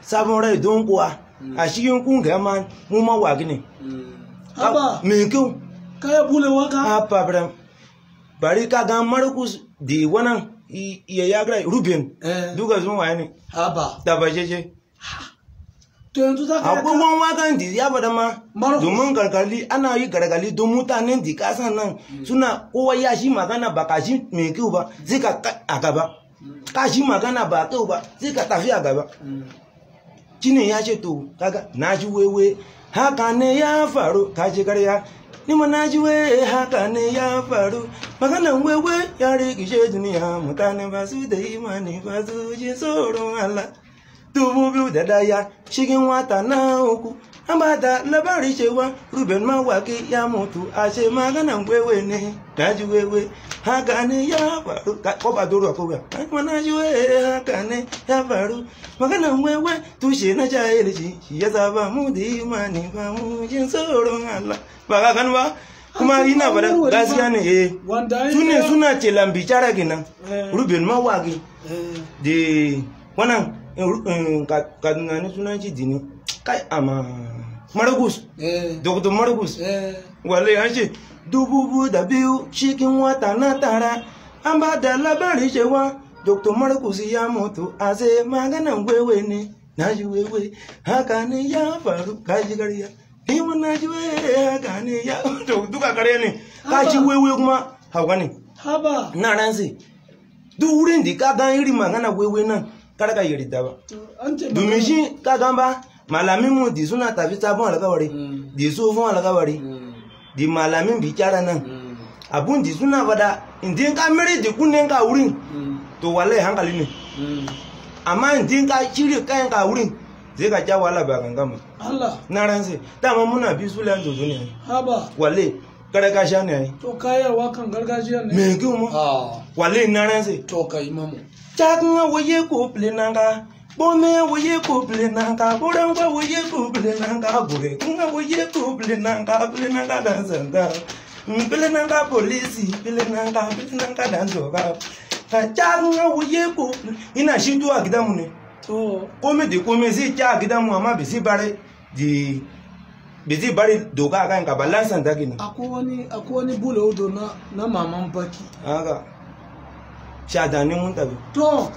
sabon rai don kuwa mm. a shi cikin kungiyar ma mu mawa gini mm. haba mai kyau kaya bulewa ka ha bram bari ka ga marcus di wannan iya ya gara rubin eh. duka sun waye ne haba da bajeje to yanzu za ka abubuwan wakan di ya bada ma domin gargali ana yi gargali don mutanen da kasan nan mm. suna kowa ya shi magana ba ka shi mai kyau ba zai a gaba ka shi magana ba kyau ba sai ka tafi a gaba shine ya ce to kaga na ji wewe haka ya faru ka ji karya ni ma na ji we haka ne ya faru na wewe ya rigishe duniya mutane ba su da imani ba su ji Tupu Allah dubu biyu da shigin wata na okwu. amada nabari shewa ruben mawaki ya mutu ase magana ngwewe ne daji wewe hagane ya baru ko badoro ko ga mana juwe hagane ya baru magana ngwewe tushe na jaye ji ya zaba mudi mani ba mu jin tsoron Allah ba ga kan ba kuma ina bada gaskiya ne eh sune suna ce lambi cara kenan eh. ruben mawaki eh. de wannan eh, ka ka sunan shi dini kai ama maragus eh. dogdo maragus eh. wale anje bu da biyu chicken wata na tara an ba da labari cewa dr maragus ya mutu a sai wewe ne na ji wewe haka ne ya faru kaji karya ni ma na ji wewe haka ne ya to duka karya ne kaji wewe kuma hauka ne haba na ransi duk wurin da ka gan irin magana wewe nan kar ka yiri ba domin shi ka gan ba malamin mu di suna tafi sabon alkawari mm. di sofon alkawari mm. di malamin bi kyara nan mm. abun di suna fada indin ka miri di kunnen ka wurin to wallahi hankali ne amma indin ka shirya kayan ka wurin zai ka ja wahala ba gangan ba na ran sai dama muna bi su lan zozo ne haba wallahi gargajiya ne ai to kayarwa kan gargajiya ne me gima ah. wallahi na ran sai to kai mamu ta waye ko plenanga Bone wuye kubli nanga, bure ngwe wuye kubli nanga, bure ngwe wuye kubli nanga, bule nanga danzanga. Mm, bule nanga polisi, bule nanga, bule nanga danzoga. Kacha ngwe wuye kubli, ina shindu agida mune. Kome de kome si cha agida mu ama bisi bare di bisi bare doga aka nga balansa ndakina. Akwani akwani bule odo na na mama mbaki. Aga. Shadani tabi. To.